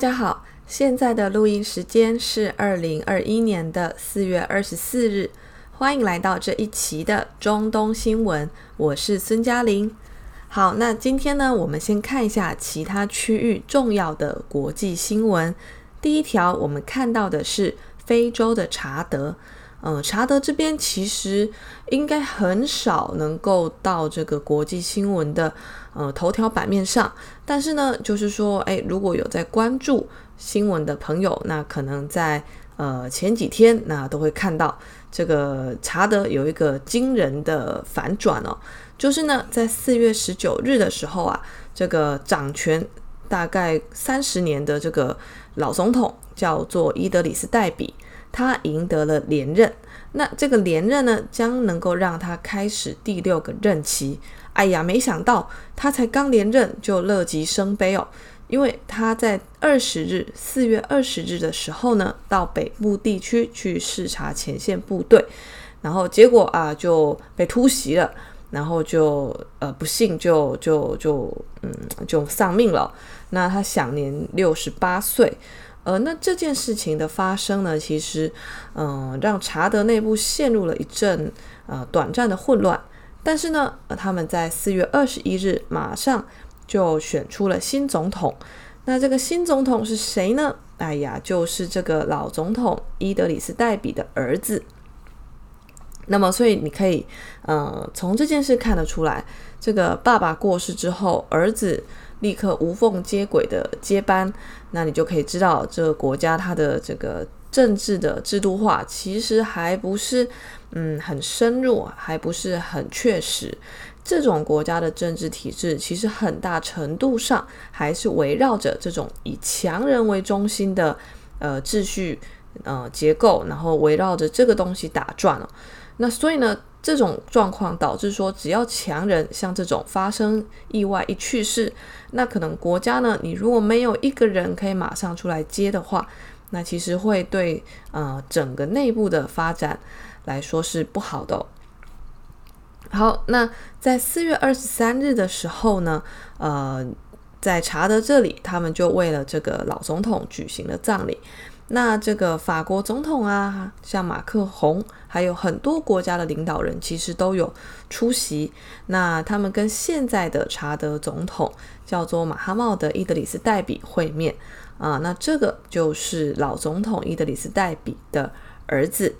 大家好，現在的錄音時間是二零二一年的四月二十四日，歡迎來到這一期的中東新聞，我是孫嘉玲。好，那今天呢，我們先看一下其他區域重要的國際新聞。第一條，我們看到的是非洲的查德。嗯、呃，查德這邊其實應該很少能夠到這個國際新聞的呃頭條版面上。但是呢，就是說，誒、哎，如果有在關注新聞的朋友，那可能在呃前幾天，那都會看到這個查德有一個驚人的反轉哦。就是呢，在四月十九日的時候啊，這個掌權大概三十年的這個老總統叫做伊德里斯代比，他贏得了連任。那這個連任呢，將能夠讓他開始第六個任期。哎呀，沒想到他才剛連任就樂極生悲哦，因為他在二十日，四月二十日的時候呢，到北部地區去視察前線部隊，然後結果啊就被突襲了，然後就呃不幸就就就嗯就喪命了。那他享年六十八歲，呃，那這件事情的發生呢，其實嗯、呃、讓查德內部陷入了一陣呃短暫的混亂。但是呢，呃，他們在四月二十一日馬上就選出了新總統。那這個新總統是誰呢？哎呀，就是這個老總統伊德里斯代比的兒子。那麼，所以你可以，呃，從這件事看得出來，這個爸爸過世之後，兒子立刻無縫接軌的接班。那你就可以知道，這個國家它的這個政治的制度化其實還不是。嗯，很深入，還不是很確實。這種國家的政治體制，其實很大程度上還是圍繞着這種以強人為中心的呃秩序呃結構，然後圍繞着這個東西打轉了哦。那所以呢，這種狀況導致說，只要強人像這種發生意外一去世，那可能國家呢，你如果沒有一個人可以馬上出來接的話，那其實會對呃整個內部的發展。來說是不好的。哦。好，那在四月二十三日的時候呢，呃，在查德這裡，他們就為了這個老總統舉行了葬禮。那這個法國總統啊，像馬克宏還有很多國家的領導人其實都有出席。那他們跟現在的查德總統叫做馬哈茂德伊德里斯代比會面啊。呃。那這個就是老總統伊德里斯代比的兒子。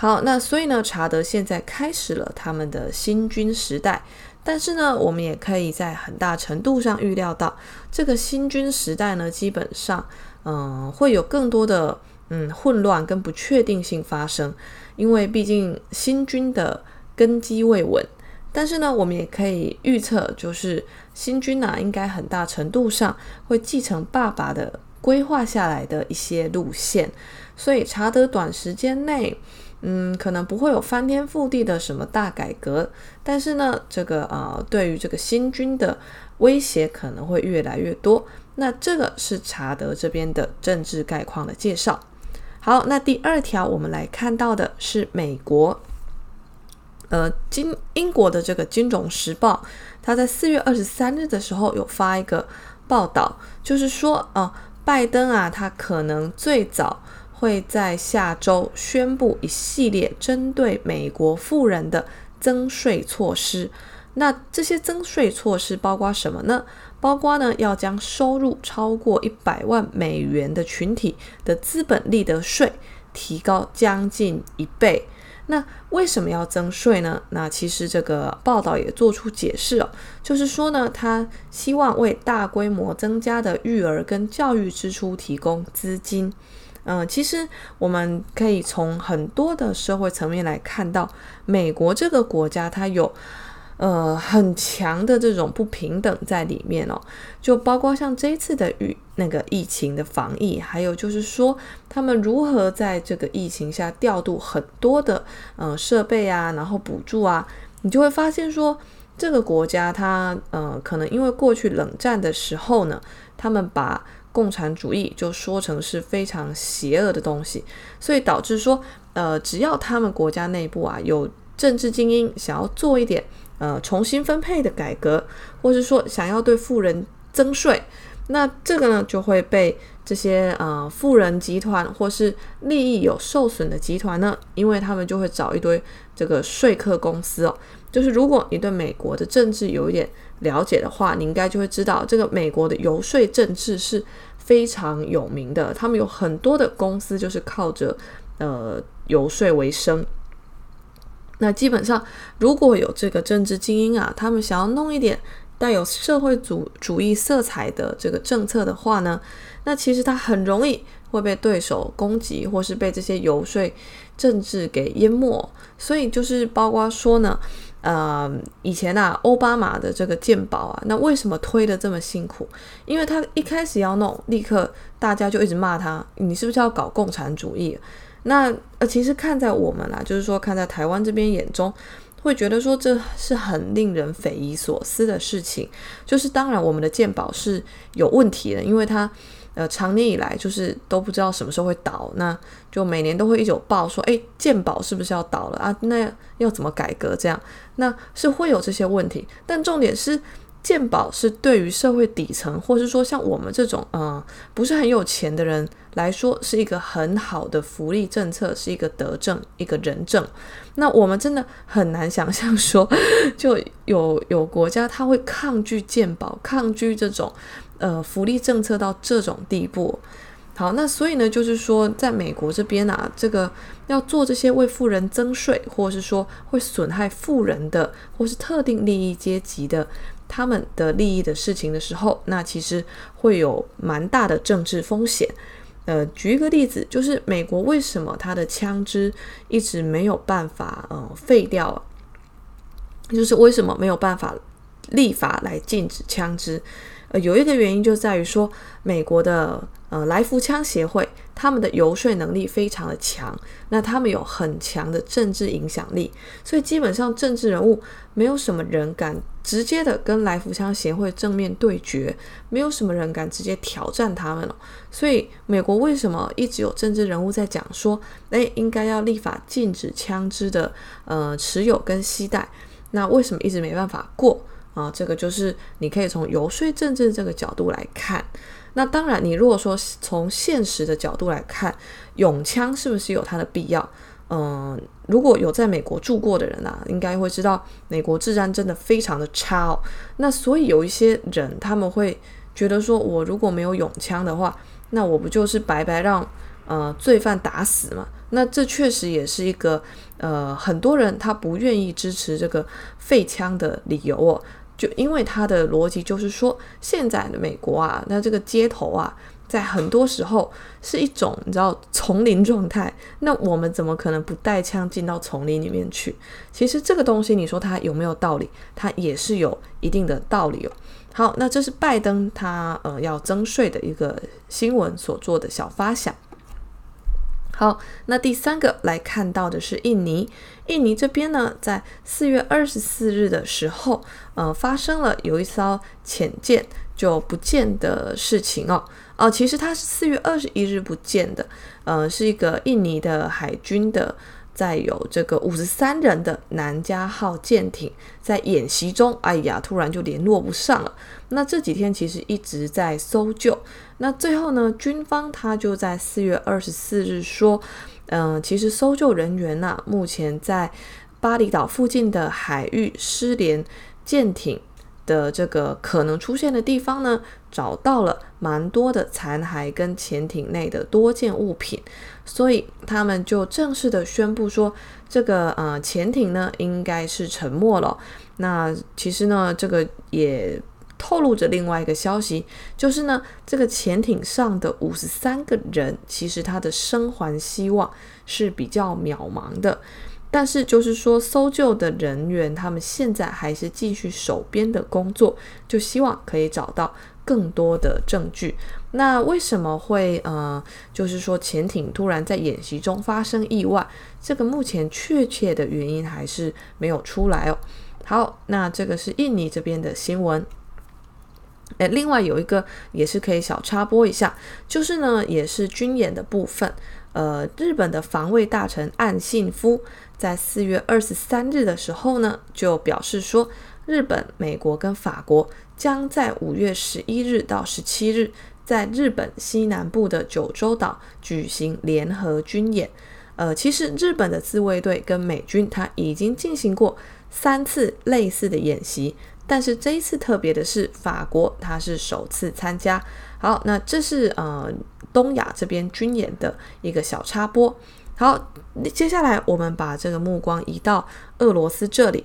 好，那所以呢，查德現在開始了他們的新軍時代，但是呢，我們也可以在很大程度上預料到，這個新軍時代呢，基本上，嗯、呃，會有更多的嗯混亂跟不確定性發生，因為畢竟新軍的根基未穩。但是呢，我們也可以預測，就是新軍吶、啊，應該很大程度上會繼承爸爸的規劃下來的一些路線，所以查德短時間內，嗯，可能不會有翻天覆地的什麼大改革，但是呢，這個呃，對於這個新軍的威脅可能會越來越多。那這個是查德這邊的政治概況的介紹。好，那第二條我們來看到的是美國，呃，金，英國的這個《金融時報》，他在四月二十三日的時候有發一個報道，就是說啊、呃，拜登啊，他可能最早。會在下周宣佈一系列針對美國富人的增稅措施。那這些增稅措施包括什麼呢？包括呢，要將收入超過一百萬美元的群體的資本利得稅提高將近一倍。那為什麼要增稅呢？那其實這個報道也做出解釋哦，就是說呢，他希望為大規模增加的育兒跟教育支出提供資金。嗯、呃，其實我們可以從很多的社會層面來看到，美國這個國家它有呃很強的這種不平等在裡面哦。就包括像這次的疫那個疫情的防疫，還有就是說他們如何在這個疫情下調度很多的呃設備啊，然後補助啊，你就會發現說這個國家它呃可能因為過去冷戰的時候呢，他們把共產主義就說成是非常邪惡的東西，所以導致說，呃，只要他們國家內部啊有政治精英想要做一點呃重新分配的改革，或是說想要對富人增稅，那這個呢就會被這些呃富人集團或是利益有受損的集團呢，因為他們就會找一堆這個說客公司哦。就是如果你對美國的政治有一點了解的話，你應該就會知道，這個美國的遊說政治是非常有名的。他們有很多的公司就是靠着呃遊說為生。那基本上，如果有這個政治精英啊，他們想要弄一點帶有社會主義色彩的這個政策的話呢，那其實他很容易會被對手攻擊，或是被這些遊說政治給淹沒。所以就是包括說呢。呃、嗯，以前吶、啊，歐巴馬的這個健保啊，那為什麼推得這麼辛苦？因為他一開始要弄，立刻大家就一直罵他，你是不是要搞共產主義？那呃，其實看在我們啦、啊，就是說看在台灣這邊眼中，會覺得說，這是很令人匪夷所思的事情。就是當然，我們的健保是有問題的，因為他。呃，常年以來就是都不知道什麼時候會倒，那就每年都會一直報說，誒，健保是不是要倒了啊？那要怎麼改革？這樣，那是會有這些問題。但重點是，健保是對於社會底層，或是說像我們這種，嗯、呃，不是很有錢的人來說，是一個很好的福利政策，是一個德政、一個仁政。那我們真的很難想象說，就有有國家他會抗拒健保，抗拒這種。呃，福利政策到這種地步，好，那所以呢，就是說，在美國這邊啊，這個要做這些為富人增稅，或者是說會損害富人的，或是特定利益階級的他們的利益的事情的時候，那其實會有蠻大的政治風險。呃，舉一個例子，就是美國為什麼他的槍支一直沒有辦法嗯、呃、廢掉，就是為什麼沒有辦法立法來禁止槍支？呃，有一個原因就在於說，美國的呃來福槍協會他們的游說能力非常的強，那他們有很強的政治影響力，所以基本上政治人物沒有什麼人敢直接的跟來福槍協會正面對決，沒有什麼人敢直接挑戰他們了。所以美國為什麼一直有政治人物在講說，哎，應該要立法禁止槍支的呃持有跟攜帶，那為什麼一直沒辦法過？啊，這個就是你可以從遊說政治這個角度來看。那當然，你如果說從現實的角度來看，擁槍是不是有它的必要？嗯、呃，如果有在美國住過的人啊，應該會知道美國治安真的非常的差哦。那所以有一些人他們會覺得說，我如果沒有擁槍的話，那我不就是白白讓呃罪犯打死嗎？那這確實也是一個呃很多人他不願意支持這個廢槍的理由哦。就因為他的邏輯就是說，現在的美國啊，那這個街頭啊，在很多時候是一種你知道叢林狀態，那我們怎麼可能不帶槍進到叢林裡面去？其實這個東西你說它有沒有道理，它也是有一定的道理哦。好，那這是拜登他呃要增稅的一個新聞所做的小發想。好，那第三個來看到的是印尼。印尼這邊呢，在四月二十四日的時候，呃，發生了有一艘潛艦就不見的事情哦。哦、呃，其實它是四月二十一日不見的，呃，是一個印尼的海軍的。載有這個五十三人的南加號艦艇在演習中，哎呀，突然就聯絡不上了。那這幾天其實一直在搜救。那最後呢，軍方他就在四月二十四日說，嗯、呃，其實搜救人員呢、啊，目前在巴厘島附近的海域失聯艦艇的這個可能出現的地方呢，找到了蠻多的殘骸跟潛艇內的多件物品。所以他們就正式的宣布說，這個呃潛艇呢應該是沉沒了。那其實呢，這個也透露着另外一個消息，就是呢，這個潛艇上的五十三個人，其實他的生還希望是比較渺茫的。但是就是說，搜救的人員他們現在還是繼續手邊的工作，就希望可以找到更多的證據。那為什麼會呃，就是說潛艇突然在演習中發生意外，這個目前確切的原因還是沒有出來哦。好，那這個是印尼這邊的新聞。誒、哎，另外有一個也是可以小插播一下，就是呢，也是軍演的部分。呃，日本的防衛大臣岸信夫在四月二十三日的時候呢，就表示說，日本、美國跟法國將在五月十一日到十七日。在日本西南部的九州島舉行聯合軍演。呃，其實日本的自衛隊跟美軍它已經進行過三次類似的演習，但是這一次特別的是，法國它是首次參加。好，那這是呃東亞這邊軍演的一個小插播。好，接下來我們把這個目光移到俄羅斯這裡。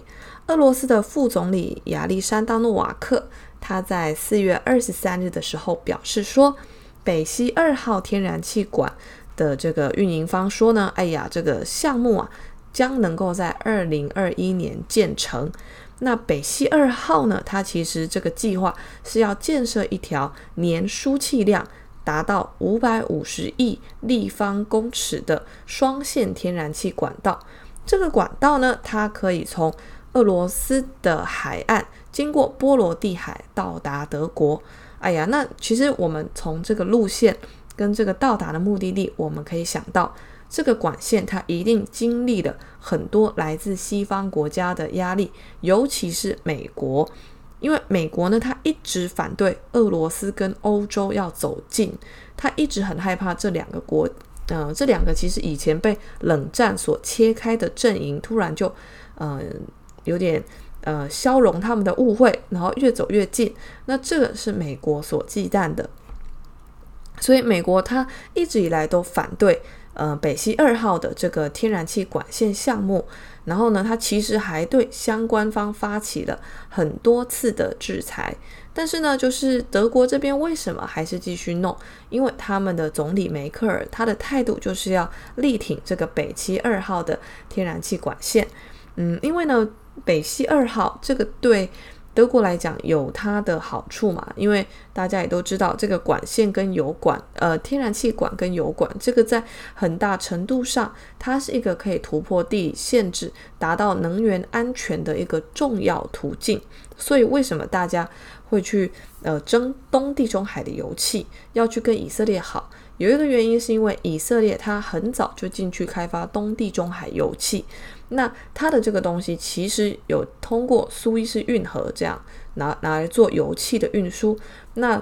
俄羅斯的副總理亞歷山大諾瓦克。他在四月二十三日的時候表示說，北溪二號天然氣管的這個運營方說呢，哎呀，這個項目啊將能夠在二零二一年建成。那北溪二號呢，它其實這個計劃是要建設一條年輸氣量達到五百五十億立方公尺的雙線天然氣管道。這個管道呢，它可以從俄羅斯的海岸，經過波羅的海到達德國，哎呀，那其實我們從這個路線跟這個到達的目的地，我們可以想到，這個管線它一定經歷了很多來自西方國家的壓力，尤其是美國，因為美國呢，它一直反對俄羅斯跟歐洲要走近，它一直很害怕這兩個國，嗯、呃，這兩個其實以前被冷戰所切開的陣營，突然就，嗯、呃，有點。呃，消融他們的誤會，然後越走越近。那這個是美國所忌憚的，所以美國他一直以來都反對呃北溪二號的這個天然氣管線項目。然後呢，他其實還對相關方發起了很多次的制裁。但是呢，就是德國這邊為什麼還是繼續弄？因為他們的總理梅克爾他的態度就是要力挺這個北溪二號的天然氣管線。嗯，因為呢。北溪二號這個對德國來講有它的好處嘛？因為大家也都知道，這個管線跟油管，呃，天然氣管跟油管，這個在很大程度上，它是一個可以突破地理限制、達到能源安全的一個重要途徑。所以，為什麼大家會去呃爭東地中海的油氣，要去跟以色列好？有一個原因是因為以色列，它很早就進去開發東地中海油氣，那它的這個東西其實有通過蘇伊士運河這樣拿拿來做油氣的運輸。那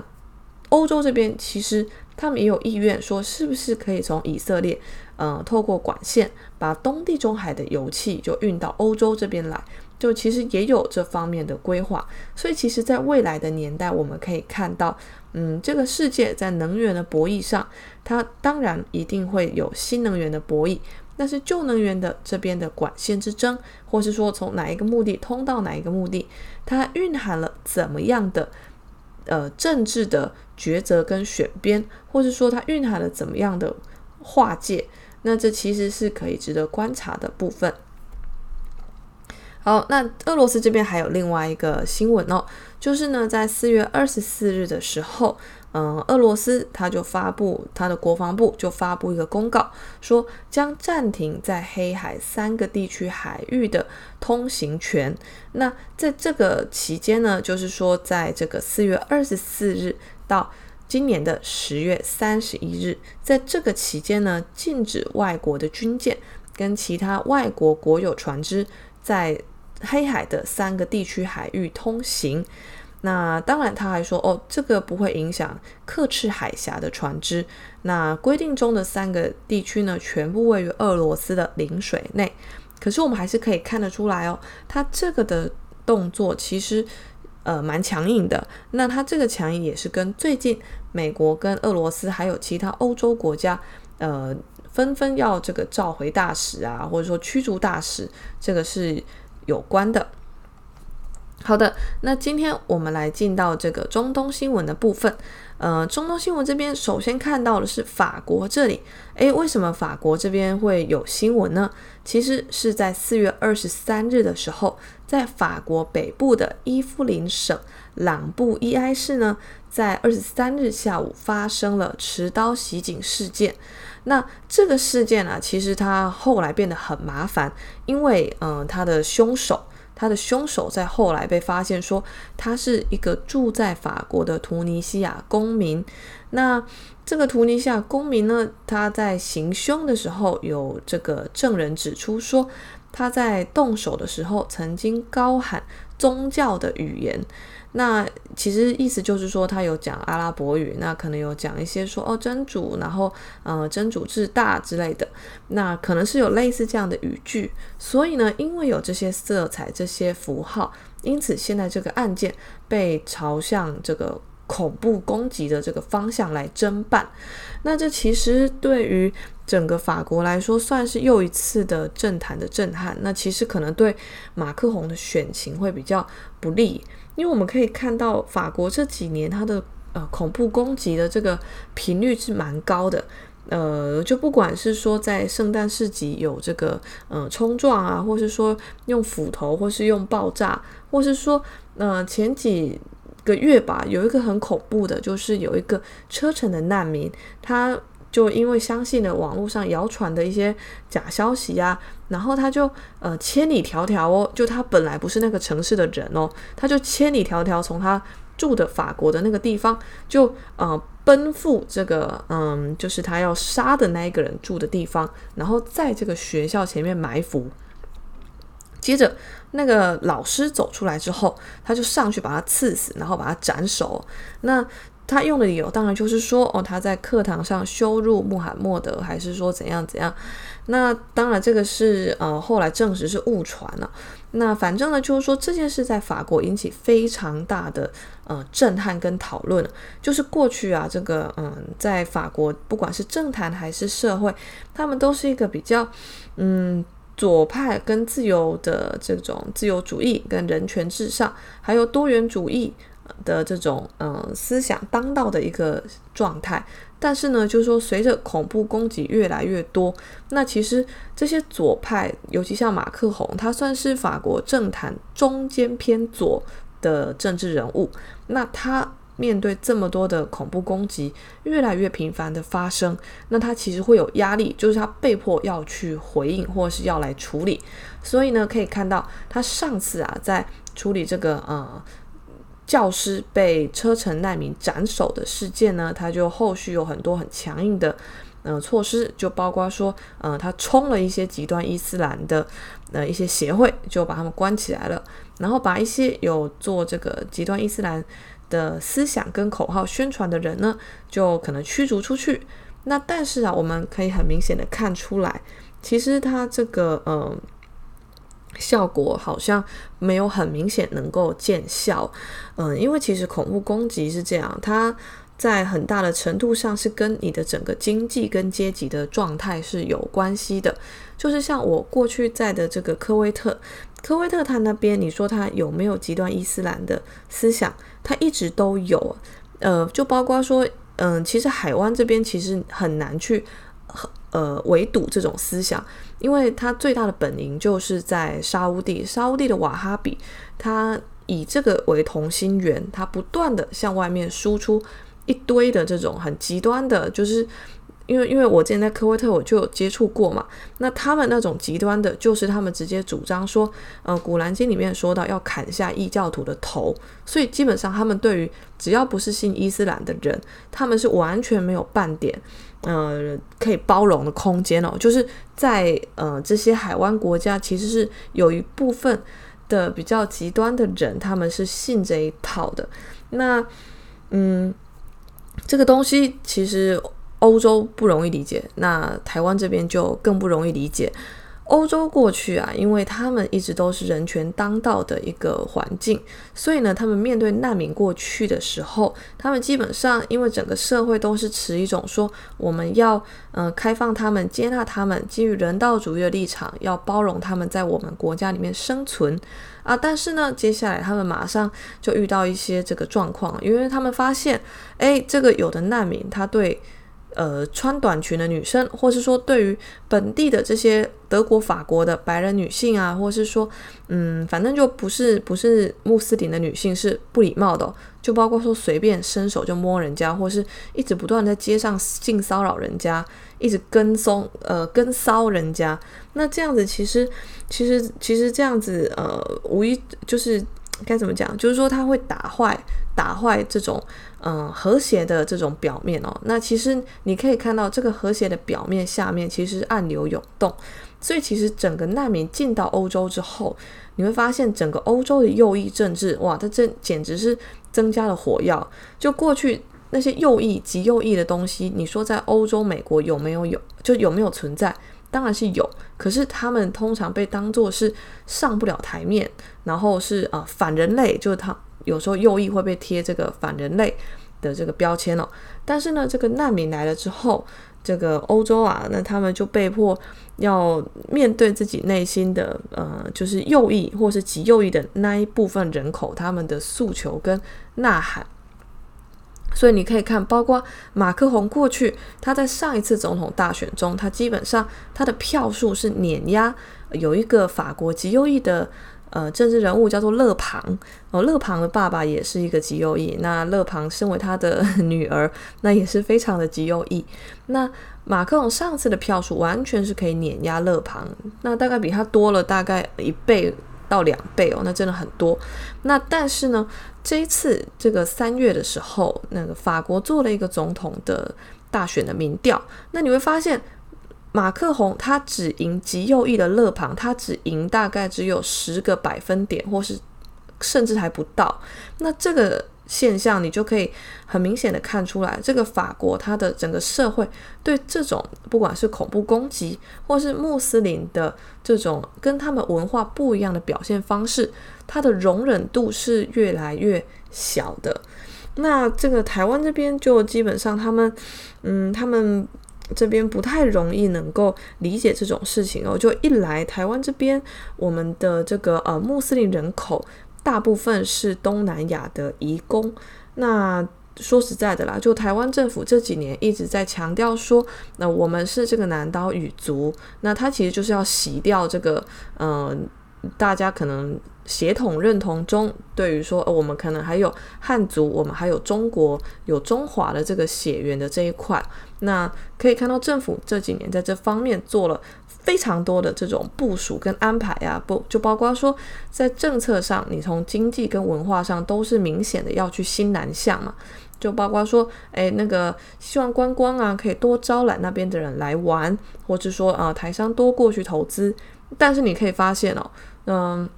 歐洲這邊其實他們也有意願說，是不是可以從以色列，嗯、呃，透過管線把東地中海的油氣就運到歐洲這邊來，就其實也有這方面的規劃。所以其實，在未來的年代，我們可以看到。嗯，這個世界在能源的博弈上，它當然一定會有新能源的博弈。但是舊能源的這邊的管線之爭，或是說從哪一個目的通到哪一個目的，它蘊含了怎麼樣的呃政治的抉擇跟選邊，或是說它蘊含了怎麼樣的劃界？那這其實是可以值得觀察的部分。好，那俄羅斯這邊還有另外一個新聞哦。就是呢，在四月二十四日的時候，嗯，俄羅斯他就發布他的國防部就發布一個公告，說將暫停在黑海三個地區海域的通行權。那在這個期間呢，就是說，在這個四月二十四日到今年的十月三十一日，在這個期間呢，禁止外國的軍艦跟其他外國國有船隻在。黑海的三個地區海域通行，那當然他還說哦，這個不會影響刻赤海峽的船隻。那規定中的三個地區呢，全部位於俄羅斯的領水內。可是我們還是可以看得出來哦，他這個的動作其實呃蠻強硬的。那他這個強硬也是跟最近美國跟俄羅斯還有其他歐洲國家呃紛紛要這個召回大使啊，或者說驅逐大使，這個是有關的，好的，那今天我們來進到這個中東新聞的部分。呃，中東新聞這邊首先看到的是法國這裡，誒，為什麼法國這邊會有新聞呢？其實是在四月二十三日的時候，在法國北部的伊夫林省朗布伊埃市呢，在二十三日下午發生了持刀襲警事件。那這個事件啊，其實他後來變得很麻煩，因為嗯、呃，他的兇手，他的兇手在後來被發現說他是一個住在法國的突尼西亞公民。那這個突尼西亞公民呢，他在行兇的時候有這個證人指出說，他在動手的時候曾經高喊宗教的語言。那其實意思就是說，他有講阿拉伯語，那可能有講一些說“哦，真主”，然後“呃，真主至大”之類的，那可能是有類似這樣的語句。所以呢，因為有這些色彩、這些符號，因此現在這個案件被朝向這個恐怖攻擊的這個方向來偵辦。那這其實對於整個法國來說，算是又一次的政壇的震撼。那其實可能對馬克宏的選情會比較不利，因為我們可以看到法國這幾年它的呃恐怖攻擊的這個頻率是蠻高的。呃，就不管是說在聖誕市集有這個呃衝撞啊，或是說用斧頭，或是用爆炸，或是說那、呃、前幾。個月吧，有一個很恐怖的，就是有一個車臣的難民，他就因為相信了網絡上謠傳的一些假消息呀、啊，然後他就呃千里迢迢哦，就他本來不是那個城市的人哦，他就千里迢迢從他住的法國的那個地方，就呃奔赴這個嗯，就是他要殺的那一個人住的地方，然後在這個學校前面埋伏。接着，那個老師走出來之後，他就上去把他刺死，然後把他斬首。那他用的理由當然就是說，哦，他在課堂上羞辱穆罕默德，還是說怎樣怎樣？那當然，這個是呃後來證實是誤傳了啊。那反正呢，就是說這件事在法國引起非常大的呃震撼跟討論。就是過去啊，這個嗯，在法國不管是政壇還是社會，他們都是一個比較嗯。左派跟自由的這種自由主義，跟人權至上，還有多元主義的這種嗯思想當道的一個狀態。但是呢，就是說隨着恐怖攻擊越來越多，那其實這些左派，尤其像馬克宏，他算是法國政壇中間偏左的政治人物，那他。面對這麼多的恐怖攻擊，越來越頻繁的發生，那他其實會有壓力，就是他被迫要去回應或是要來處理。所以呢，可以看到他上次啊，在處理這個呃教師被車臣難民斬首的事件呢，他就後續有很多很強硬的呃措施，就包括說呃他衝了一些極端伊斯蘭的呃一些協會，就把他們關起來了，然後把一些有做這個極端伊斯蘭。的思想跟口號宣傳的人呢，就可能驅逐出去。那但是啊，我們可以很明顯的看出來，其實它這個，嗯，效果好像沒有很明顯能夠見效。嗯，因為其實恐怖攻擊是這樣，它在很大的程度上是跟你的整個經濟跟階級的狀態是有關係的。就是像我過去在的這個科威特，科威特它那邊，你說它有沒有極端伊斯蘭的思想？他一直都有，呃，就包括說，嗯、呃，其實海灣這邊其實很難去，呃，圍堵這種思想，因為他最大的本營就是在沙烏地，沙烏地的瓦哈比，他以這個為同心圓，他不斷的向外面輸出一堆的這種很極端的，就是。因為，因為我之前在科威特，我就有接觸過嘛。那他們那種極端的，就是他們直接主張說，呃，《古蘭經》裡面說到要砍下異教徒的頭，所以基本上他們對於只要不是信伊斯蘭的人，他們是完全沒有半點呃可以包容的空間哦。就是在呃這些海灣國家，其實是有一部分的比較極端的人，他們是信這一套的。那嗯，這個東西其實。歐洲不容易理解，那台灣這邊就更不容易理解。歐洲過去啊，因為他們一直都是人權當道的一個環境，所以呢，他們面對難民過去的時候，他們基本上因為整個社會都是持一種說我們要嗯、呃、開放他們、接納他們，基於人道主義的立場，要包容他們在我們國家裡面生存啊。但是呢，接下來他們馬上就遇到一些這個狀況，因為他們發現，誒，這個有的難民他對。呃，穿短裙的女生，或是說對於本地的這些德國、法國的白人女性啊，或是說，嗯，反正就不是不是穆斯林的女性是不禮貌的哦，就包括說隨便伸手就摸人家，或是一直不斷在街上性騷擾人家，一直跟蹤呃跟騷人家，那這樣子其實其實其實這樣子呃，無疑就是。該怎麼講？就是說，它會打壞、打壞這種嗯和諧的這種表面哦。那其實你可以看到，這個和諧的表面下面其實暗流湧動。所以，其實整個難民進到歐洲之後，你會發現整個歐洲的右翼政治，哇，它這簡直是增加了火藥。就過去那些右翼、極右翼的東西，你說在歐洲、美國有沒有有？就有沒有存在？當然是有，可是他們通常被當作是上不了台面，然後是啊、呃、反人類，就是他有時候右翼會被貼這個反人類的這個標籤哦。但是呢，這個難民來了之後，這個歐洲啊，那他們就被迫要面對自己內心的呃，就是右翼或是極右翼的那一部分人口，他們的訴求跟吶喊。所以你可以看，包括馬克宏過去，他在上一次總統大選中，他基本上他的票數是碾壓，有一個法國極右翼的呃政治人物叫做勒龐，哦，勒龐的爸爸也是一個極右翼，那勒龐身為他的女兒，那也是非常的極右翼。那馬克宏上次的票數完全是可以碾壓勒龐，那大概比他多了大概一倍。到兩倍哦，那真的很多。那但是呢，這一次這個三月的時候，那個法國做了一個總統的大選的民調，那你會發現馬克宏他只贏極右翼的勒龐，他只贏大概只有十個百分點，或是甚至還不到。那這個。現象，你就可以很明顯的看出來，這個法國它的整個社會對這種不管是恐怖攻擊，或是穆斯林的這種跟他們文化不一樣的表現方式，它的容忍度是越來越小的。那這個台灣這邊就基本上他們，嗯，他們這邊不太容易能夠理解這種事情哦。就一來台灣這邊，我們的這個呃穆斯林人口。大部分是東南亞的移工。那說實在的啦，就台灣政府這幾年一直在強調說，那我們是這個南島語族。那它其實就是要洗掉這個，嗯、呃，大家可能血統認同中對於說，呃，我們可能還有漢族，我們還有中國有中華的這個血緣的這一塊。那可以看到政府這幾年在這方面做了。非常多的這種部署跟安排啊，不就包括說，在政策上，你從經濟跟文化上都是明顯的要去新南向嘛，就包括說，哎，那個希望觀光啊可以多招攬那邊的人來玩，或是說啊、呃、台商多過去投資。但是你可以發現哦，嗯、呃，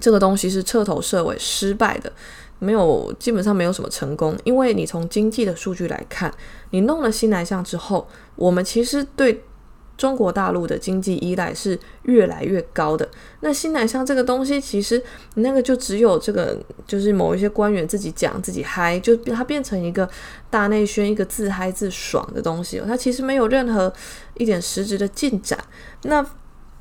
這個東西是徹頭徹尾失敗的，沒有基本上沒有什麼成功，因為你從經濟的數據來看，你弄了新南向之後，我們其實對。中國大陸的經濟依賴是越來越高的。那新南向這個東西，其實那個就只有這個，就是某一些官員自己講自己嗨，就它變成一個大內宣，一個自嗨自爽的東西，哦。它其實沒有任何一點實質的進展。那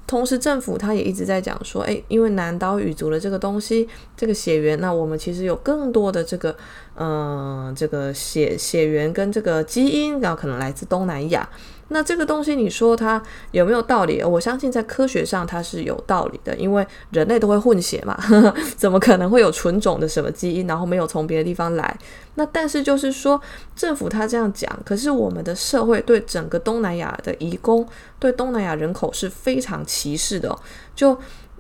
同時，政府它也一直在講說，哎，因為南島語族的這個東西，這個血緣，那我們其實有更多的這個，嗯、呃，這個血血緣跟這個基因，然後可能來自東南亞。那這個東西你說它有沒有道理？我相信在科學上它是有道理的，因為人類都會混血嘛，呵呵，怎麼可能會有純種的什麼基因，然後沒有從別的地方來？那但是就是說政府他這樣講，可是我們的社會對整個東南亞的移工，對東南亞人口是非常歧視的哦，就。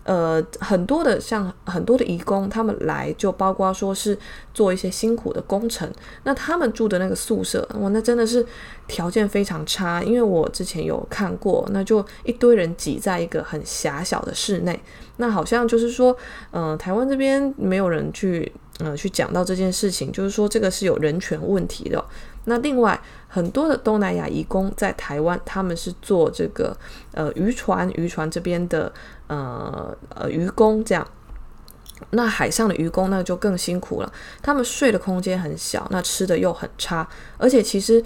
呃，很多的像很多的移工，他們來就包括說是做一些辛苦的工程。那他們住的那個宿舍，哇，那真的是條件非常差。因為我之前有看過，那就一堆人擠在一個很狹小的室內。那好像就是說，嗯、呃，台灣這邊沒有人去，嗯、呃，去講到這件事情，就是說這個是有人權問題的哦。那另外很多的東南亞移工在台灣，他們是做這個呃漁船漁船這邊的呃呃漁工這樣。那海上的漁工那就更辛苦了，他們睡的空間很小，那吃的又很差，而且其實。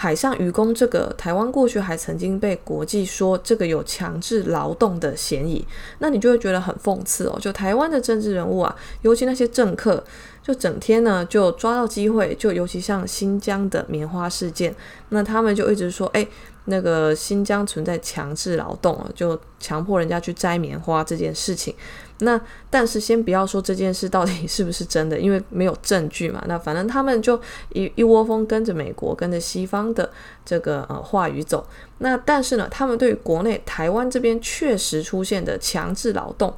海上漁工，這個台灣過去還曾經被國際說這個有強制勞動的嫌疑，那你就會覺得很諷刺哦。就台灣的政治人物啊，尤其那些政客，就整天呢就抓到機會，就尤其像新疆的棉花事件，那他們就一直說，誒，那個新疆存在強制勞動，就強迫人家去摘棉花這件事情。那但是先不要說這件事到底是不是真的，因為沒有證據嘛。那反正他們就一一窩蜂跟着美國、跟着西方的這個呃話語走。那但是呢，他們對於國內台灣這邊確實出現的強制勞動，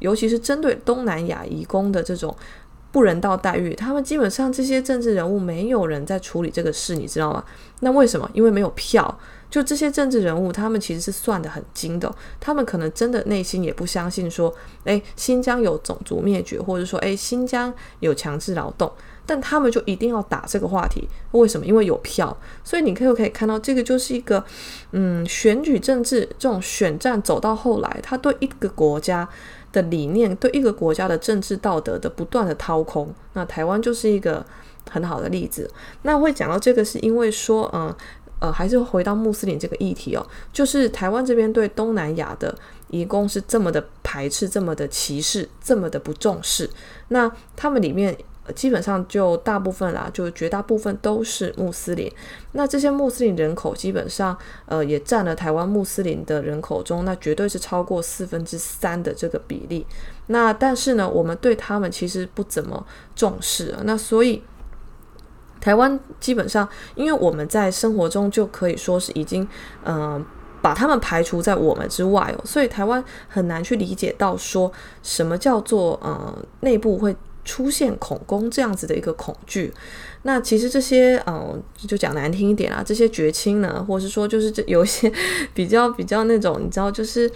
尤其是針對東南亞移工的這種不人道待遇，他們基本上這些政治人物沒有人在處理這個事，你知道嗎？那為什麼？因為沒有票。就這些政治人物，他們其實是算得很精的。他們可能真的內心也不相信說，欸，新疆有種族滅絕，或者說，欸，新疆有強制勞動，但他們就一定要打這個話題。為什麼？因為有票。所以你可以可以看到，這個就是一個，嗯，選舉政治這種選戰走到後來，他對一個國家的理念，對一個國家的政治道德的不斷的掏空。那台灣就是一個很好的例子。那我會講到這個，是因為說，嗯。呃，還是回到穆斯林這個議題哦，就是台灣這邊對東南亞的移工是這麼的排斥、這麼的歧視、這麼的不重視。那他們裡面基本上就大部分啦，就絕大部分都是穆斯林。那這些穆斯林人口基本上，呃，也占了台灣穆斯林的人口中，那絕對是超過四分之三的這個比例。那但是呢，我們對他們其實不怎麼重視，啊，那所以。台灣基本上，因為我們在生活中就可以說是已經，嗯、呃，把他們排除在我們之外哦，所以台灣很難去理解到說什麼叫做，嗯、呃，內部會。出現恐攻這樣子的一個恐懼，那其實這些嗯、呃，就講難聽一點啊，這些覺青呢，或者是說就是這有一些比較比較那種你知道就是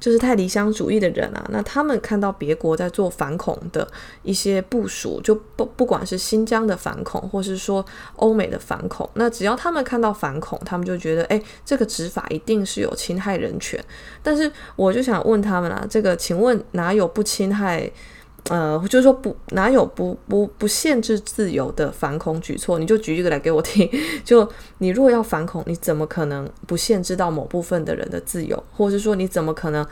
就是太理想主義的人啊，那他們看到別國在做反恐的一些部署，就不不管是新疆的反恐，或是說歐美的反恐，那只要他們看到反恐，他們就覺得哎，這個執法一定是有侵害人權。但是我就想問他們啦、啊，這個請問哪有不侵害？呃，就是說不哪有不不不限制自由的反恐舉措，你就舉一個來給我聽。就你如果要反恐，你怎麼可能不限制到某部分的人的自由，或者是說你怎麼可能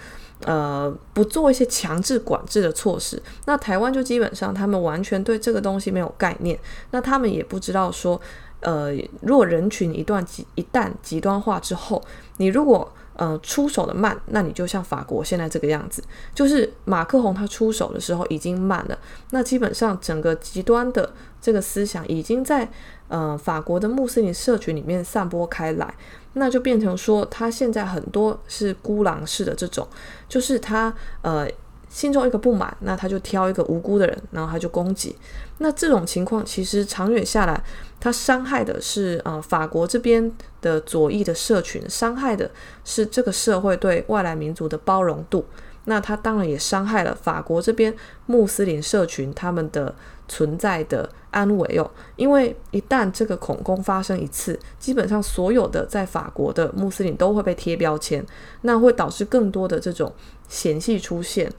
呃不做一些強制管制的措施？那台灣就基本上他們完全對這個東西沒有概念，那他們也不知道說呃，如果人群一段極一旦極端化之後，你如果。呃，出手的慢，那你就像法國現在這個樣子，就是馬克宏他出手的時候已經慢了，那基本上整個極端的這個思想已經在呃法國的穆斯林社群裡面散播開來，那就變成說他現在很多是孤狼式的這種，就是他呃。心中一個不滿，那他就挑一個無辜的人，然後他就攻擊。那這種情況其實長遠下來，他傷害的是呃法國這邊的左翼的社群，傷害的是這個社會對外來民族的包容度。那他當然也傷害了法國這邊穆斯林社群他們的存在的安危哦。因為一旦這個恐攻發生一次，基本上所有的在法國的穆斯林都會被貼標籤，那會導致更多的這種嫌隙出現。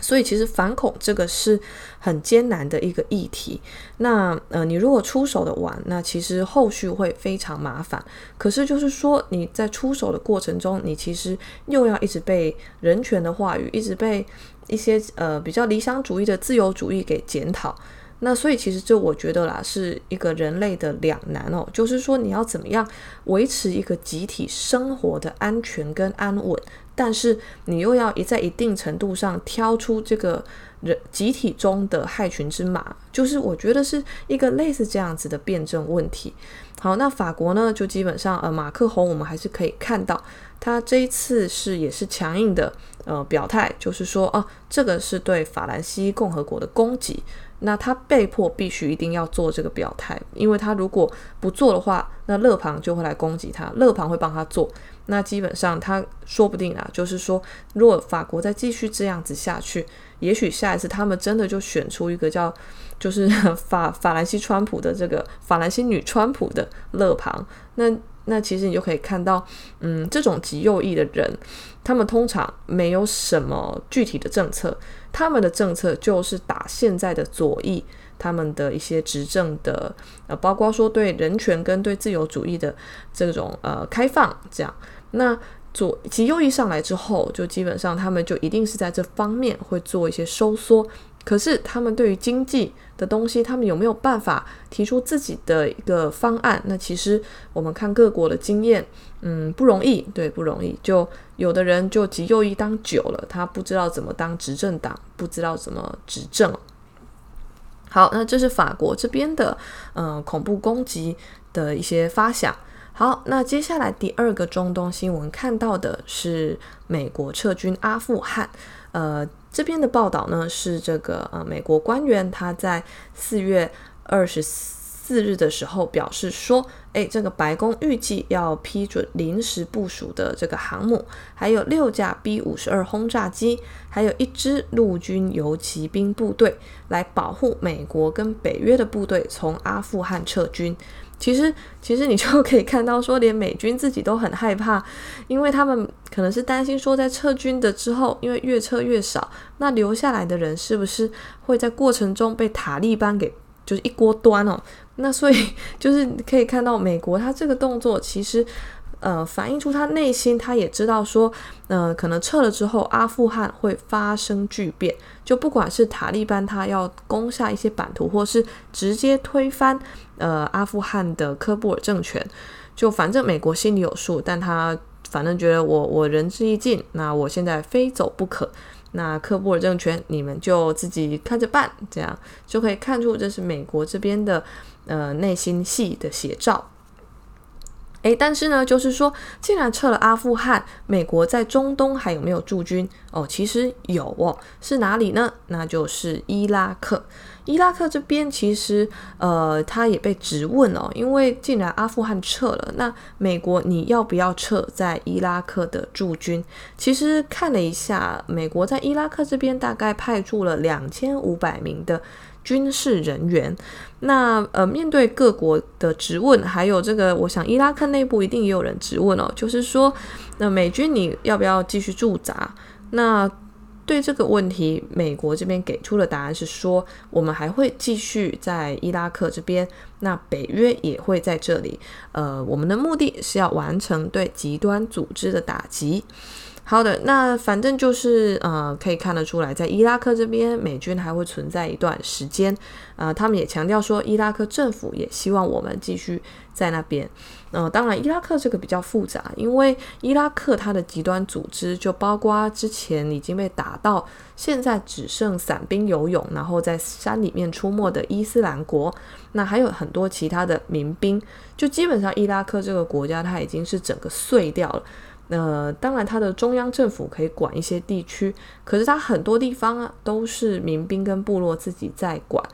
所以，其實反恐這個是很艱難的一個議題。那，呃，你如果出手的話，那其實後續會非常麻煩。可是，就是說你在出手的過程中，你其實又要一直被人權的話語，一直被一些呃比較理想主義的自由主義給檢討。那所以其實這我覺得啦，是一個人類的兩難哦，就是說你要怎麼樣維持一個集體生活的安全跟安穩，但是你又要一在一定程度上挑出這個人集體中的害群之馬，就是我覺得是一個類似這樣子的辯證問題。好，那法國呢，就基本上呃馬克宏，我們還是可以看到他這一次是也是強硬的呃表態，就是說哦，啊，這個是對法蘭西共和國的攻擊。那他被迫必須一定要做這個表態，因為他如果不做的話，那勒龐就會來攻擊他，勒龐會幫他做。那基本上他說不定啊，就是說，如果法國再繼續這樣子下去，也許下一次他們真的就選出一個叫就是法法蘭西川普的這個法蘭西女川普的勒龐。那那其實你就可以看到，嗯，這種極右翼的人，他們通常沒有什麼具體的政策。他們的政策就是打現在的左翼，他們的一些執政的，呃，包括說對人權跟對自由主義的這種呃開放，這樣。那左其右翼上來之後，就基本上他們就一定是在這方面會做一些收縮。可是他們對於經濟的東西，他們有沒有辦法提出自己的一個方案？那其實我們看各國的經驗，嗯，不容易，對，不容易。就有的人就極右翼當久了，他不知道怎麼當執政黨，不知道怎麼執政。好，那這是法國這邊的，嗯、呃，恐怖攻擊的一些發想。好，那接下來第二個中東新聞我們看到的是美國撤軍阿富汗，呃。這邊的報道呢，是這個呃，美國官員他在四月二十四日的時候表示說，誒，這個白宮預計要批准臨時部署的這個航母，還有六架 B 五十二轟炸機，還有一支陸軍遊騎兵部隊來保護美國跟北約的部隊從阿富汗撤軍。其實，其實你就可以看到，說連美軍自己都很害怕，因為他們可能是擔心說，在撤軍的之後，因為越撤越少，那留下來的人是不是會在過程中被塔利班給就是一鍋端哦？那所以就是可以看到，美國他這個動作其實，呃，反映出他內心他也知道說，嗯、呃，可能撤了之後，阿富汗會發生巨變，就不管是塔利班他要攻下一些版圖，或是直接推翻。呃，阿富汗的科布爾政權，就反正美國心裡有數，但他反正覺得我我仁至義盡，那我現在非走不可。那科布爾政權，你們就自己看着辦。這樣就可以看出這是美國這邊的呃內心戲的寫照。哎、欸，但是呢，就是說，既然撤了阿富汗，美國在中東還有沒有駐軍？哦，其實有哦，是哪裡呢？那就是伊拉克。伊拉克這邊其實，呃，他也被質問哦，因為既然阿富汗撤了，那美國你要不要撤在伊拉克的駐軍？其實看了一下，美國在伊拉克這邊大概派駐了兩千五百名的軍事人員。那呃，面對各國的質問，還有這個，我想伊拉克內部一定也有人質問哦，就是說，那，呃，美軍你要不要繼續駐紮？那。對這個問題，美國這邊給出的答案是說，我們還會繼續在伊拉克這邊，那北約也會在這裡。呃，我們的目的是要完成對極端組織的打擊。好的，那反正就是呃，可以看得出來，在伊拉克這邊，美軍還會存在一段時間。呃，他們也強調說，伊拉克政府也希望我們繼續在那邊。呃，當然，伊拉克這個比較複雜，因為伊拉克它的極端組織就包括之前已經被打到現在只剩散兵游勇，然後在山裡面出沒的伊斯蘭國，那還有很多其他的民兵，就基本上伊拉克這個國家它已經是整個碎掉了。呃，當然，它的中央政府可以管一些地區，可是它很多地方啊都是民兵跟部落自己在管。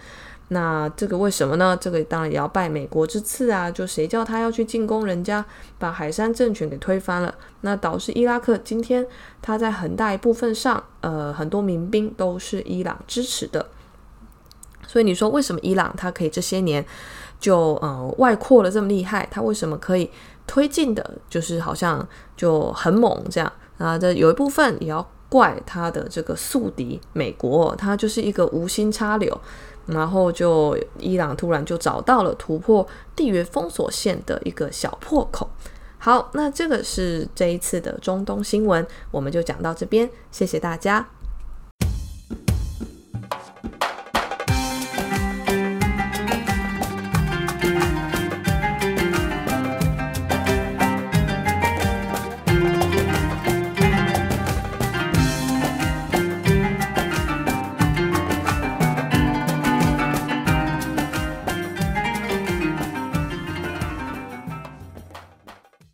那這個為什麼呢？這個當然也要拜美國之賜啊！就誰叫他要去進攻人家，把海珊政權給推翻了，那導致伊拉克今天他在很大一部分上，呃，很多民兵都是伊朗支持的。所以你說為什麼伊朗他可以這些年就呃外擴的這麼厲害？他為什麼可以推進的，就是好像就很猛這樣啊？這有一部分也要怪他的這個宿敵美國，他就是一個無心插柳。然後就伊朗突然就找到了突破地緣封鎖線的一個小破口。好，那這個是這一次的中東新聞，我們就講到這邊，謝謝大家。